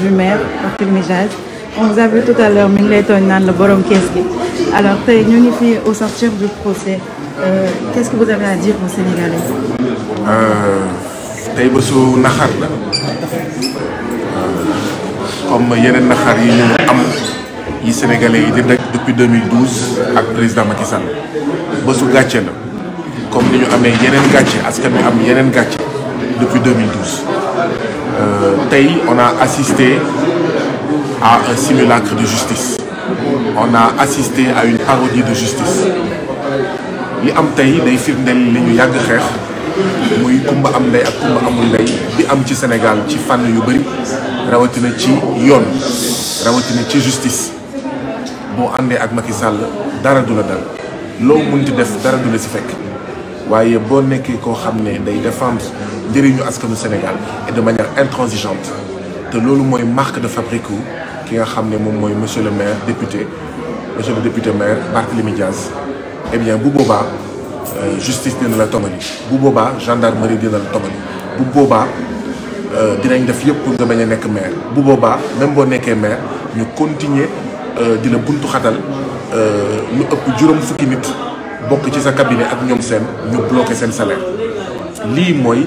du maire Barthélémy Jazz. on vous a vu tout à l'heure mi le borom kees alors tey ñu ngi au sortir du procès euh, qu'est-ce que vous avez à dire aux Sénégalais. Euh, tey bésu naxar la euh, comme Yenen naxar yi ñu am yi Sénégalais yi di depuis 2012 le président Macky Sall bésu Gatché, la comme ni ñu amee yeneen gàcce askan wi am Yenen Gatché depuis 2012 tey on a assisté à un simulacre de justice on a assisté à une parodie de justice li am tay day firndeel li ñu yag xex muy kumba am ndey ak kumba amul ndey di am ci Sénégal ci fan yu bëri rawatina ci yoon rawatina ci justice bo andé ak Macky Sall dara du la dal lo munti def dara du la si fekk waye bo nekké ko xamné day défendre njëriñu askanu Sénégal et de manière intransigeante te loolu moi marque de fabrique ki nga xam ne moom monsieur le maire député monsieur le député maire Barthélémy Diaz eh bien Bouboba, euh, justice de la tombali Bouboba, gendarmerie de la tombali Bouboba, boobaa euh, dinañ def pour nga bañ a maire Bouboba, même bon nekkee maire ñu continuer euh, de la buntu xatal lu ëpp juróom fukki nit bokk ci sa cabinet ak ñoom seen ñu bloqué seen salaire Li, mooy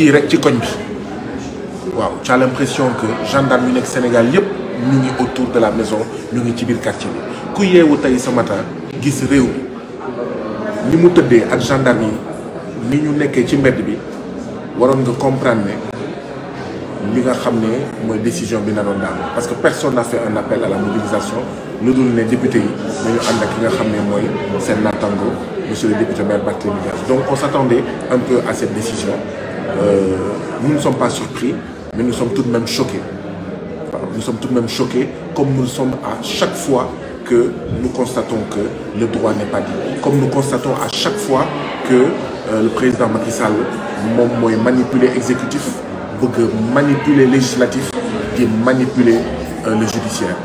fii rek ci koñ bi waaw tu as l'impression que gendarme yu nekk Sénégal yëpp ñu autour de la maison ñu ngi ci biir quartier bi ku yeewu tey ce matin gis réew ni mu tëddee ak gendarme yi ni ñu nekkee ci mbedd bi waroon nga comprendre ne li nga xam ne mooy décision bi na doon parce que personne n'a fait un appel à la mobilisation Nous, dul les député yi nañu ànd ak ki nga C'est ne mooy natango monsieur le député maire Barthélémy donc on s'attendait un peu à cette décision euh, nous ne sommes pas surpris, mais nous sommes tout de même choqués. nous sommes tout de même choqués, comme nous sommes à chaque fois que nous constatons que le droit n'est pas dit. Comme nous constatons à chaque fois que euh, le président Macky Sall manipulé manipulé manipulé exécutif que manipuler législatif qui manipuler euh, le judiciaire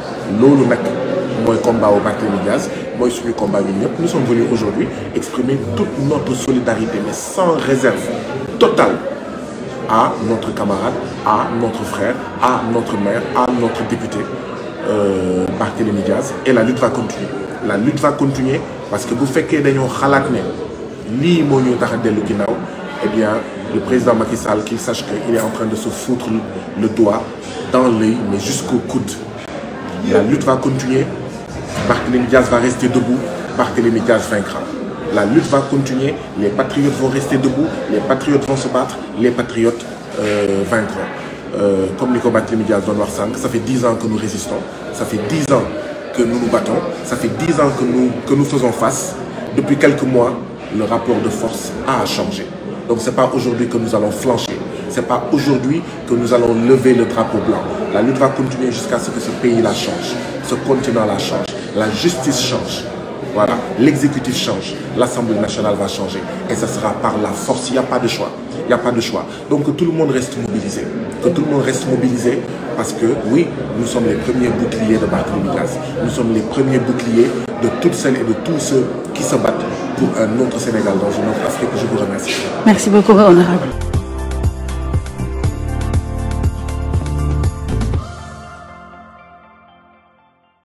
combat nous sommes venus aujourd'hui exprimer toute notre solidarité mais sans réserve totale à notre camarade, à notre frère, à notre mère, à notre député, euh, Barthélémy Diaz. Et la lutte va continuer. La lutte va continuer parce que vous faites que nous avons eh bien, le président Macky Sall, qu'il sache qu'il est en train de se foutre le doigt dans l'œil, mais jusqu'au coude. La lutte va continuer. Barthélémy Diaz va rester debout. Barthélémy Diaz vaincra la lutte va continuer, les patriotes vont rester debout, les patriotes vont se battre, les patriotes euh, vaincront. Euh, comme Nico noir Don ça fait dix ans que nous résistons, ça fait dix ans que nous nous battons, ça fait dix ans que nous, que nous faisons face. Depuis quelques mois, le rapport de force a changé. Donc ce n'est pas aujourd'hui que nous allons flancher, ce n'est pas aujourd'hui que nous allons lever le drapeau blanc. La lutte va continuer jusqu'à ce que ce pays la change, ce continent la change, la justice change. Voilà. L'exécutif change, l'Assemblée nationale va changer. Et ça sera par la force, il n'y a pas de choix. Il n'y a pas de choix. Donc que tout le monde reste mobilisé. Que tout le monde reste mobilisé parce que oui, nous sommes les premiers boucliers de Bartholomew. Gaz. Nous sommes les premiers boucliers de toutes celles et de tous ceux qui se battent pour un autre Sénégal dans une autre que Je vous remercie. Merci beaucoup, honorable.